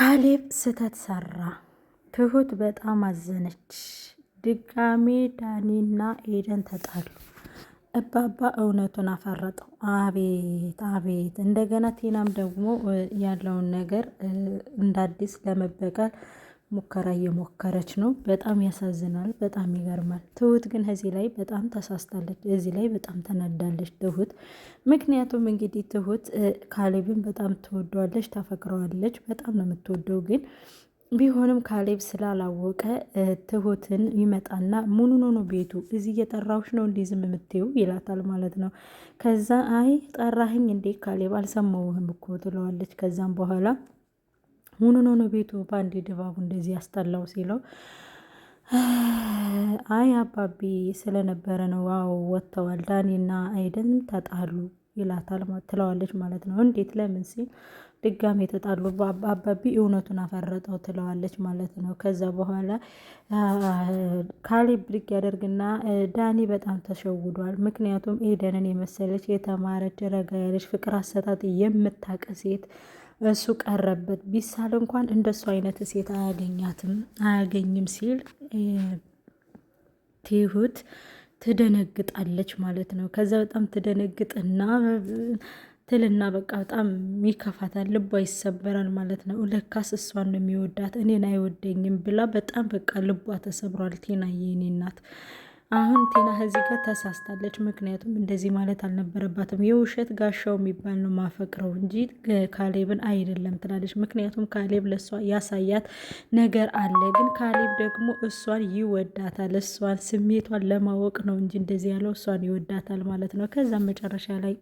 ካሌብ ስህተት ሰራ። ትሁት በጣም አዘነች። ድጋሜ ዳኒና ኤደን ተጣሉ። እባባ እውነቱን አፈረጠው። አቤት አቤት! እንደገና ቴናም ደግሞ ያለውን ነገር እንዳዲስ ለመበቀል ሙከራ እየሞከረች ነው። በጣም ያሳዝናል። በጣም ይገርማል። ትሁት ግን እዚህ ላይ በጣም ተሳስታለች። እዚህ ላይ በጣም ተናዳለች ትሁት። ምክንያቱም እንግዲህ ትሁት ካሌብን በጣም ትወደዋለች፣ ታፈቅረዋለች፣ በጣም ነው የምትወደው ግን ቢሆንም ካሌብ ስላላወቀ ትሁትን ይመጣና ሙኑ ኖኖ ቤቱ እዚህ እየጠራሁሽ ነው እንዲህ ዝም የምትይው ይላታል ማለት ነው። ከዛ አይ ጠራህኝ እንዴ ካሌብ አልሰማውህም እኮ ትለዋለች። ከዛም በኋላ ሁኑ ነው ነው ቤቱ በአንዴ ድባቡ እንደዚህ ያስጠላው ሲለው አይ አባቢ ስለነበረ ነው ዋው ወጥተዋል፣ ዳኒና አይደን ተጣሉ ይላታል ትለዋለች ማለት ነው። እንዴት ለምን ሲል ድጋሜ የተጣሉ አባቢ እውነቱን አፈረጠው ትለዋለች ማለት ነው። ከዛ በኋላ ካሌብ ብድግ ያደርግና ዳኒ በጣም ተሸውዷል። ምክንያቱም ኤደንን የመሰለች የተማረች ረጋ ያለች ፍቅር አሰጣጥ የምታውቅ ሴት እሱ ቀረበት ቢሳል እንኳን እንደሱ አይነት ሴት አያገኛትም አያገኝም ሲል ትሁት ትደነግጣለች ማለት ነው። ከዛ በጣም ትደነግጥና ትልና በቃ በጣም ይከፋታል፣ ልቧ ይሰበራል ማለት ነው። ለካስ እሷን ነው የሚወዳት እኔን አይወደኝም ብላ በጣም በቃ ልቧ ተሰብሯል። ቴና የኔ እናት አሁን ቴና ከዚህ ጋር ተሳስታለች። ምክንያቱም እንደዚህ ማለት አልነበረባትም። የውሸት ጋሻው የሚባል ነው ማፈቅረው እንጂ ካሌብን አይደለም ትላለች። ምክንያቱም ካሌብ ለእሷ ያሳያት ነገር አለ። ግን ካሌብ ደግሞ እሷን ይወዳታል። እሷን ስሜቷን ለማወቅ ነው እንጂ እንደዚህ ያለው እሷን ይወዳታል ማለት ነው። ከዛም መጨረሻ ላይ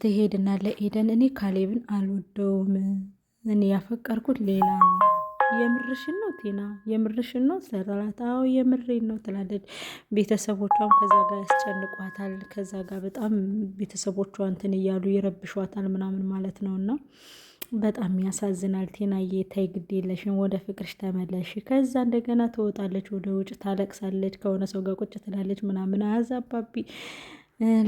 ትሄድና ለኤደን እኔ ካሌብን አልወደውም፣ እኔ ያፈቀርኩት ሌላ ነው የምርሽን ነው ቴና የምርሽን ነው ሰራላት? አዎ የምሬን ነው ትላለች። ቤተሰቦቿም ከዛ ጋር ያስጨንቋታል። ከዛ ጋር በጣም ቤተሰቦቿ እንትን እያሉ ይረብሿታል ምናምን ማለት ነው እና በጣም ያሳዝናል። ቴናዬ ታይ ግድ የለሽን ወደ ፍቅርሽ ተመለሽ። ከዛ እንደገና ትወጣለች ወደ ውጭ፣ ታለቅሳለች፣ ከሆነ ሰው ጋር ቁጭ ትላለች ምናምን። አዛባቢ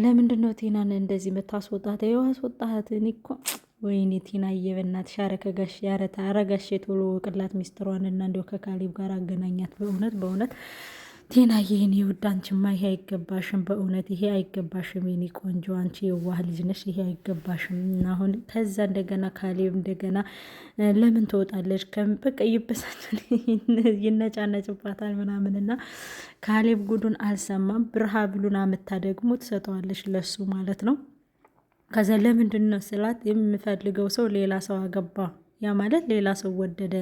ለምንድን ነው ቴናን እንደዚህ የምታስወጣት? ይኸው አስወጣት እኮ ወይኔ ቲናዬ በእናትሽ ኧረ ከጋሼ ኧረ ጋሼ ቶሎ ቅላት ሚስጥሯን እና እንዲሁ ከካሊብ ጋር አገናኛት። በእውነት በእውነት ቲና ይህን ይውድ አንቺማ ይሄ አይገባሽም። በእውነት ይሄ አይገባሽም የኔ ቆንጆ፣ አንቺ የዋህ ልጅ ነሽ። ይሄ አይገባሽም። አሁን ከዛ እንደገና ካሌብ እንደገና ለምን ትወጣለች? በቃ ይበሳጫል፣ ይነጫነጭባታል ምናምን እና ካሌብ ጉዱን አልሰማም። ብርሃ ብሉን አምታ ደግሞ ትሰጠዋለች ለሱ ማለት ነው። ከዛ ለምንድን ነው ስላት የምፈልገው ሰው ሌላ ሰው አገባ ያ ማለት ሌላ ሰው ወደደ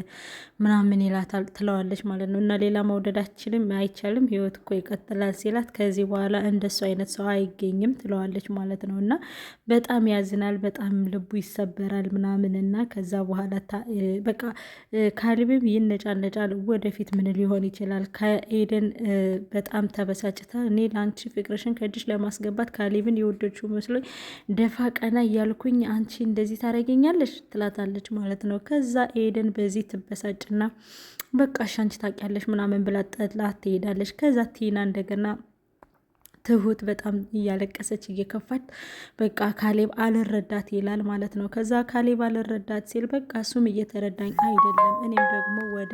ምናምን ይላታል ትለዋለች ማለት ነው። እና ሌላ መውደዳችንም አይቻልም ህይወት እኮ ይቀጥላል ሲላት ከዚህ በኋላ እንደሱ አይነት ሰው አይገኝም ትለዋለች ማለት ነው። እና በጣም ያዝናል፣ በጣም ልቡ ይሰበራል ምናምን እና ከዛ በኋላ በቃ ካሌብም ይነጫነጫል። ወደፊት ምን ሊሆን ይችላል? ከኤደን በጣም ተበሳጭታ እኔ ለአንቺ ፍቅርሽን ከእጅሽ ለማስገባት ካሊብን የወደች መስሎኝ ደፋ ቀና እያልኩኝ አንቺ እንደዚህ ታረገኛለች ትላታለች ማለት ነው። ነው። ከዛ ኤደን በዚህ ትበሳጭና በቃ ሻንች ታውቂያለሽ ምናምን ብላ ጥላት ትሄዳለች። ከዛ ቲና እንደገና ትሁት በጣም እያለቀሰች እየከፋች በቃ ካሌብ አልረዳት ይላል ማለት ነው። ከዛ ካሌብ አልረዳት ሲል በቃ እሱም እየተረዳኝ አይደለም እኔም ደግሞ ወደ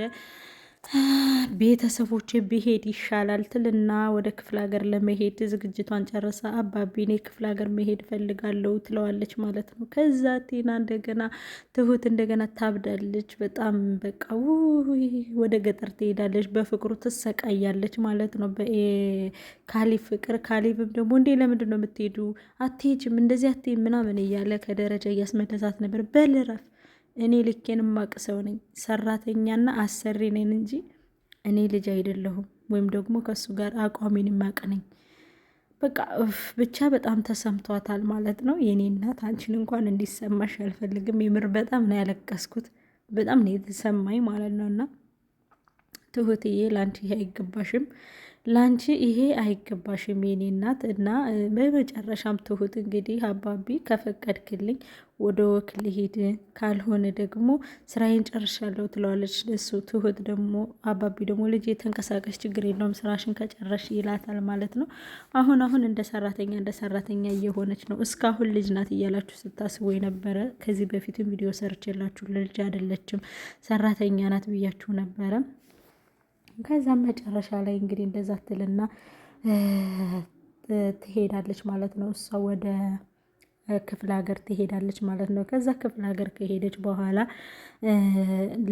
ቤተሰቦች ብሄድ ይሻላል ትልና ወደ ክፍለ ሀገር ለመሄድ ዝግጅቷን ጨርሳ አባቢ እኔ ክፍለ ሀገር መሄድ ፈልጋለሁ ትለዋለች ማለት ነው። ከዛ ቴና እንደገና ትሁት እንደገና ታብዳለች። በጣም በቃ ወደ ገጠር ትሄዳለች። በፍቅሩ ትሰቃያለች ማለት ነው። ካሊ ፍቅር ካሊብም ደግሞ እንዴ ለምንድን ነው የምትሄዱ? አትሄጅም እንደዚህ አትሄም ምናምን እያለ ከደረጃ እያስመለሳት ነበር በልረፍ እኔ ልኬን ማቅ ሰው ነኝ። ሰራተኛና አሰሪ ነኝ እንጂ እኔ ልጅ አይደለሁም፣ ወይም ደግሞ ከእሱ ጋር አቋሚን ማቅ ነኝ። በቃ ብቻ በጣም ተሰምቷታል ማለት ነው። የእኔ እናት አንቺን እንኳን እንዲሰማሽ አልፈልግም። የምር በጣም ነው ያለቀስኩት፣ በጣም ነው የተሰማኝ ማለት ነው። እና ትሁትዬ ለአንቺ ይሄ አይገባሽም፣ ለአንቺ ይሄ አይገባሽም የኔ እናት። እና በመጨረሻም ትሁት እንግዲህ አባቢ ከፈቀድክልኝ ወደ ወክ ልሂድ፣ ካልሆነ ደግሞ ስራዬን ጨርሻለሁ ትለዋለች። እሱ ትሁት ደግሞ አባቢ ደግሞ ልጅ የተንቀሳቀስ ችግር የለውም ስራሽን ከጨረሽ ይላታል ማለት ነው። አሁን አሁን እንደ ሰራተኛ እንደ ሰራተኛ እየሆነች ነው። እስካሁን ልጅ ናት እያላችሁ ስታስቡ የነበረ ከዚህ በፊትም ቪዲዮ ሰርቼላችሁ ልጅ አይደለችም ሰራተኛ ናት ብያችሁ ነበረ። ከዛም መጨረሻ ላይ እንግዲህ እንደዛ ትልና ትሄዳለች ማለት ነው እሷ ወደ ክፍለ ሀገር ትሄዳለች ማለት ነው። ከዛ ክፍለ ሀገር ከሄደች በኋላ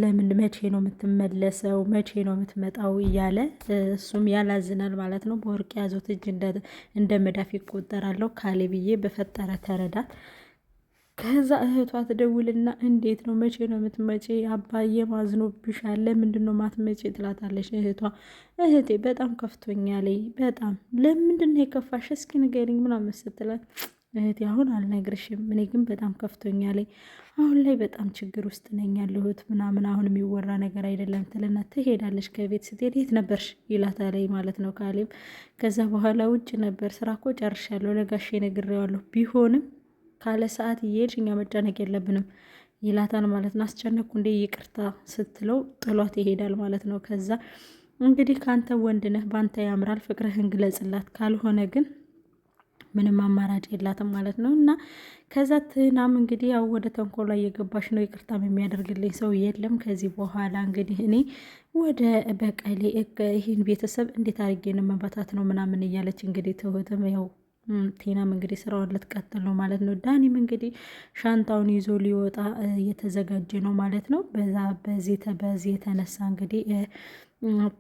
ለምን መቼ ነው የምትመለሰው? መቼ ነው የምትመጣው? እያለ እሱም ያላዝናል ማለት ነው። በወርቅ ያዞት እጅ እንደ መዳፍ ይቆጠራለሁ ካሌ ብዬ በፈጠረ ተረዳት። ከዛ እህቷ ትደውልና እንዴት ነው መቼ ነው የምትመጪ? አባዬ ማዝኖብሻል፣ ለምንድን ነው ማትመጪ? ትላታለች እህቷ። እህቴ በጣም ከፍቶኛል፣ በጣም ለምንድን ነው የከፋሽ? እስኪ ንገሪኝ ምናምን ስትላት እህቴ አሁን አልነግርሽም፣ እኔ ግን በጣም ከፍቶኛል፣ አሁን ላይ በጣም ችግር ውስጥ ነኝ ያለሁት ምናምን፣ አሁን የሚወራ ነገር አይደለም ትልና ትሄዳለች። ከቤት ስትሄድ የት ነበርሽ ይላታል ማለት ነው ካሌብ። ከዛ በኋላ ውጭ ነበር፣ ስራ እኮ ጨርሻለሁ፣ ለጋሼ ነግሬዋለሁ፣ ቢሆንም ካለ ሰዓት እየሄድሽ እኛ መጨነቅ የለብንም ይላታል ማለት ነው። አስጨነቅኩ እንዴ ይቅርታ ስትለው ጥሏት ይሄዳል ማለት ነው። ከዛ እንግዲህ ከአንተ ወንድ ነህ፣ በአንተ ያምራል፣ ፍቅርህን ግለጽላት፣ ካልሆነ ግን ምንም አማራጭ የላትም ማለት ነው። እና ከዛ ትናም እንግዲህ ያው ወደ ተንኮሏ እየገባሽ ነው። ይቅርታም የሚያደርግልኝ ሰው የለም ከዚህ በኋላ እንግዲህ እኔ ወደ በቀሌ ይህን ቤተሰብ እንዴት አድርጌ ነው መበታት ነው ምናምን እያለች እንግዲህ ትሁትም ያው ቴናም እንግዲህ ስራውን ልትቀጥል ነው ማለት ነው። ዳኒም እንግዲህ ሻንጣውን ይዞ ሊወጣ እየተዘጋጀ ነው ማለት ነው። በዛ በዚህ የተነሳ እንግዲህ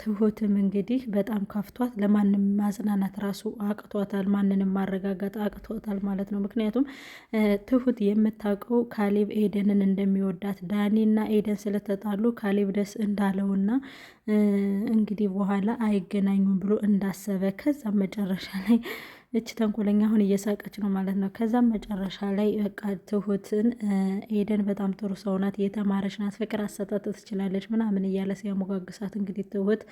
ትሁትም እንግዲህ በጣም ከፍቷት ለማንም ማጽናናት ራሱ አቅቷታል፣ ማንንም ማረጋጋት አቅቷታል ማለት ነው። ምክንያቱም ትሁት የምታውቀው ካሌብ ኤደንን እንደሚወዳት ዳኒና ኤደን ስለተጣሉ ካሌብ ደስ እንዳለውና እንግዲህ በኋላ አይገናኙም ብሎ እንዳሰበ ከዛም መጨረሻ ላይ እች ተንኮለኛ አሁን እየሳቀች ነው ማለት ነው። ከዛም መጨረሻ ላይ በቃ ትሁትን ኤደን በጣም ጥሩ ሰው ናት፣ የተማረች ናት፣ ፍቅር አሰጣጥ ትችላለች ምናምን እያለ ሲያሞጋግሳት እንግዲህ ትሁት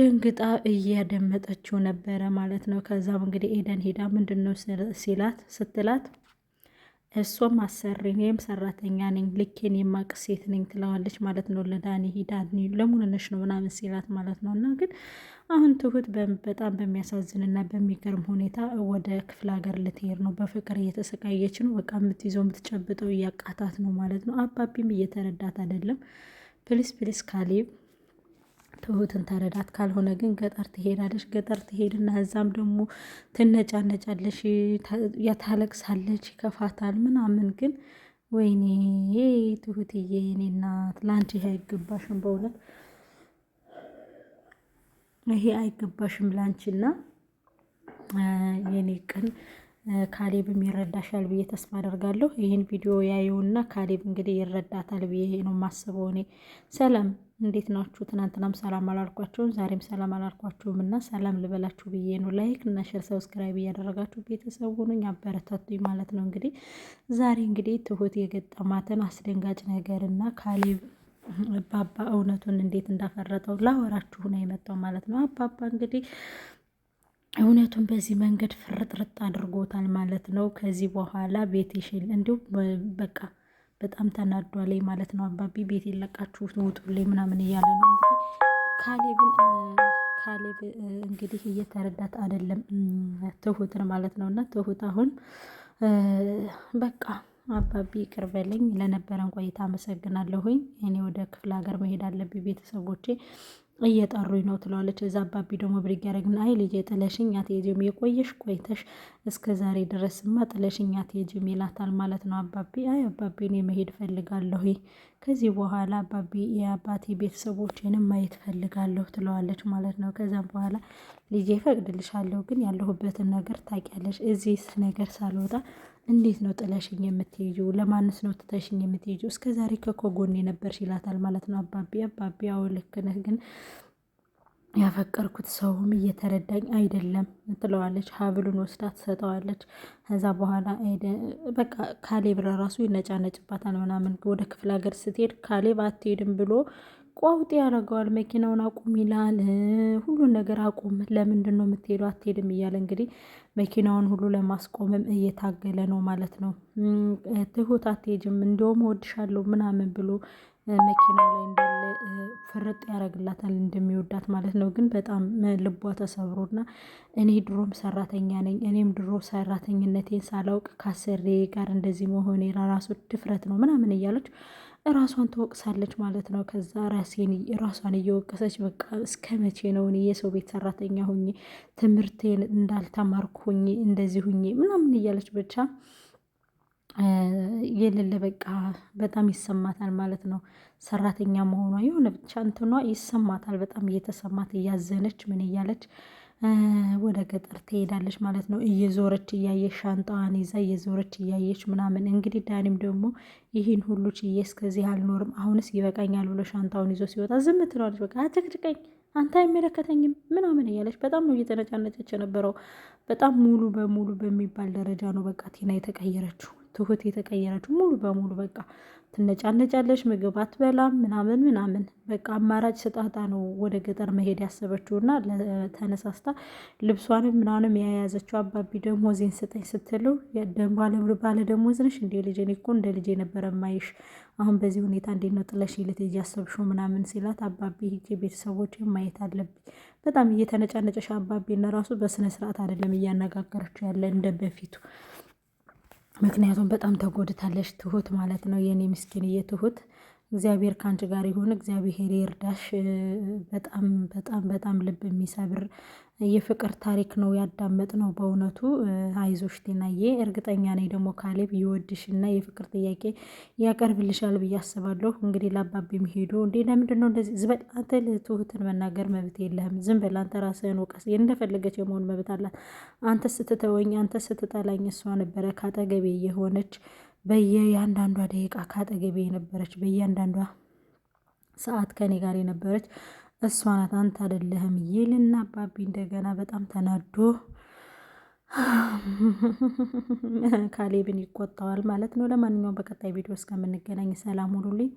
ደንግጣ እያደመጠችው ነበረ ማለት ነው። ከዛም እንግዲህ ኤደን ሄዳ ምንድን ነው ሲላት ስትላት እሷም አሰሪ ወይም ሰራተኛ ነኝ ልኬን የማቅ ሴት ነኝ ትለዋለች ማለት ነው። ለዳኒ ዳኒ ለሙንነሽ ነው ምናምን ሲላት ማለት ነው። እና ግን አሁን ትሁት በጣም በሚያሳዝንና በሚገርም ሁኔታ ወደ ክፍለ ሀገር ልትሄድ ነው። በፍቅር እየተሰቃየች ነው። በቃ የምትይዘው የምትጨብጠው እያቃታት ነው ማለት ነው። አባቢም እየተረዳት አይደለም። ፕሊስ ፕሊስ ካሌብ ትሁትን ተረዳት። ካልሆነ ግን ገጠር ትሄዳለች። ገጠር ትሄድና እዛም ደግሞ ትነጫነጫለች፣ ያታለቅሳለች፣ ይከፋታል ምናምን። ግን ወይኔ ትሁትዬ የኔ እናት ለአንቺ ይሄ አይገባሽም፣ በእውነት ይሄ አይገባሽም ለአንቺና የኔ ቀን ካሌብም ይረዳሻል ብዬ ተስፋ አደርጋለሁ። ይህን ቪዲዮ ያየውና ካሌብ እንግዲህ ይረዳታል ብዬ ነው ማስበው እኔ ሰላም እንዴት ናችሁ? ትናንትናም ሰላም አላልኳችሁም፣ ዛሬም ሰላም አላልኳችሁም እና ሰላም ልበላችሁ ብዬ ነው። ላይክ እና ሸር፣ ሰብስክራይብ እያደረጋችሁ ቤተሰብ ሁኑኝ፣ አበረታቱኝ ማለት ነው። እንግዲህ ዛሬ እንግዲህ ትሁት የገጠማትን አስደንጋጭ ነገር እና ካሌብ አባባ እውነቱን እንዴት እንዳፈረጠው ላወራችሁ ነው የመጣው ማለት ነው። አባባ እንግዲህ እውነቱን በዚህ መንገድ ፍርጥርጥ አድርጎታል ማለት ነው። ከዚህ በኋላ ቤት ይሽል እንዲሁም በቃ በጣም ተናዷል ማለት ነው። አባቢ ቤት የለቃችሁ ውጡልኝ ምናምን እያለ ነው ካሌብን ካሌብ እንግዲህ እየተረዳት አይደለም ትሁትን ማለት ነው። እና ትሁት አሁን በቃ አባቢ ይቅር በለኝ፣ ለነበረን ቆይታ አመሰግናለሁኝ። እኔ ወደ ክፍለ ሀገር መሄድ አለብኝ ቤተሰቦቼ እየጠሩኝ ነው ትለዋለች። እዛ አባቢ ደግሞ ብድግ ያደረግና አይ ልጄ ጥለሽኝ አትሄጂም የቆየሽ ቆይተሽ እስከ ዛሬ ድረስማ ጥለሽኝ አትሄጂም ይላታል ማለት ነው። አባቢ አይ አባቢ እኔ መሄድ ፈልጋለሁ፣ ከዚህ በኋላ አባቢ የአባቴ ቤተሰቦችንም ማየት ፈልጋለሁ ትለዋለች ማለት ነው። ከዛም በኋላ ልጄ ፈቅድልሻለሁ፣ ግን ያለሁበትን ነገር ታውቂያለሽ። እዚህ ነገር ሳልወጣ እንዴት ነው ጥለሽኝ የምትሄጂው? ለማንስ ነው ትተሽኝ የምትሄጂው? እስከ ዛሬ ከኮ ጎን የነበርሽ ይላታል ማለት ነው። አባቢ አባቢ አዎ ልክ ነህ፣ ግን ያፈቀርኩት ሰውም እየተረዳኝ አይደለም ትለዋለች። ሀብሉን ወስዳ ትሰጠዋለች። ከዛ በኋላ በቃ ካሌብ ራሱ ይነጫነጭባታል ምናምን። ወደ ክፍለ ሀገር ስትሄድ ካሌብ አትሄድም ብሎ ቋውጤ ያደርገዋል። መኪናውን አቁም ይላል። ሁሉን ነገር አቁም፣ ለምንድን ነው የምትሄዱ? አትሄድም እያለ እንግዲህ መኪናውን ሁሉ ለማስቆምም እየታገለ ነው ማለት ነው። ትሁት አትሄጅም፣ እንዲሁም እወድሻለሁ ምናምን ብሎ መኪናው ላይ እንዳለ ፍርጥ ያደርግላታል እንደሚወዳት ማለት ነው። ግን በጣም ልቧ ተሰብሮና እኔ ድሮም ሰራተኛ ነኝ፣ እኔም ድሮ ሰራተኝነቴን ሳላውቅ ካሰሬ ጋር እንደዚህ መሆኔ ራሱ ድፍረት ነው ምናምን እያለች ራሷን ትወቅሳለች ማለት ነው። ከዛ ራሴን ራሷን እየወቀሰች በቃ እስከ መቼ ነው እኔ የሰው ቤት ሰራተኛ ሁኜ ትምህርቴን እንዳልተማርኩ ሁኜ እንደዚህ ሁኜ ምናምን እያለች ብቻ የሌለ በቃ በጣም ይሰማታል ማለት ነው። ሰራተኛ መሆኗ የሆነ ብቻ እንትኗ ይሰማታል በጣም እየተሰማት እያዘነች ምን እያለች ወደ ገጠር ትሄዳለች ማለት ነው። እየዞረች እያየች ሻንጣዋን ይዛ እየዞረች እያየች ምናምን እንግዲህ ዳኒም ደግሞ ይህን ሁሉ ችዬ እስከዚህ አልኖርም አሁንስ ይበቃኛል ብሎ ሻንጣውን ይዞ ሲወጣ ዝም ትለዋለች። በቃ አትጭቅጭቀኝ፣ አንተ አይመለከተኝም ምናምን እያለች በጣም ነው እየተነጫነጨች የነበረው። በጣም ሙሉ በሙሉ በሚባል ደረጃ ነው በቃ ቲና የተቀየረችው። ትሁት የተቀየረችው ሙሉ በሙሉ በቃ ትነጫነጫለች፣ ምግብ አትበላም፣ ምናምን ምናምን በቃ አማራጭ ስጣታ ነው ወደ ገጠር መሄድ ያሰበችው ያሰበችውና ተነሳስታ ልብሷንም ምናምንም የያዘችው አባቢ ደግሞ ዜን ስጠኝ ስትለው ባለ ደሞዝ ነሽ እንደ ልጄ እኔ እኮ እንደ ልጄ ነበረ ማይሽ አሁን በዚህ ሁኔታ እንዴት ነው ጥለሽ ልት እያሰብሽው ምናምን ሲላት አባቢ ሂጄ ቤተሰቦች ማየት አለብኝ በጣም እየተነጫነጨሽ አባቢ እነ ራሱ በስነስርዓት አይደለም እያነጋገረችው ያለ እንደ በፊቱ ምክንያቱም በጣም ተጎድታለች ትሁት ማለት ነው የኔ ምስኪን ትሁት እግዚአብሔር ከአንቺ ጋር ይሁን፣ እግዚአብሔር ይርዳሽ። በጣም በጣም በጣም ልብ የሚሰብር የፍቅር ታሪክ ነው ያዳመጥ ነው። በእውነቱ አይዞሽ ቴናዬ፣ እርግጠኛ ነኝ ደግሞ ካሌብ ይወድሽና የፍቅር ጥያቄ ያቀርብልሻል ብዬ አስባለሁ። እንግዲህ ለአባቤ የሚሄዱ እንዴ ለምንድን ነው እንደዚህ ዝበል፣ አንተ ትሁትን መናገር መብት የለህም፣ ዝም በል አንተ ራስህን ውቀስ። እንደፈለገች የመሆን መብት አላት። አንተ ስትተወኝ፣ አንተ ስትጠላኝ፣ እሷ ነበረ ካጠገቤ የሆነች በየአንዳንዷ ደቂቃ ካጠገቤ የነበረች በየአንዳንዷ ሰዓት ከኔ ጋር የነበረች እሷ ናት፣ አንተ አይደለህም ይልና አባቢ እንደገና በጣም ተናዶ ካሌብን ይቆጣዋል ማለት ነው። ለማንኛውም በቀጣይ ቪዲዮ እስከምንገናኝ ሰላም ሁኑልኝ።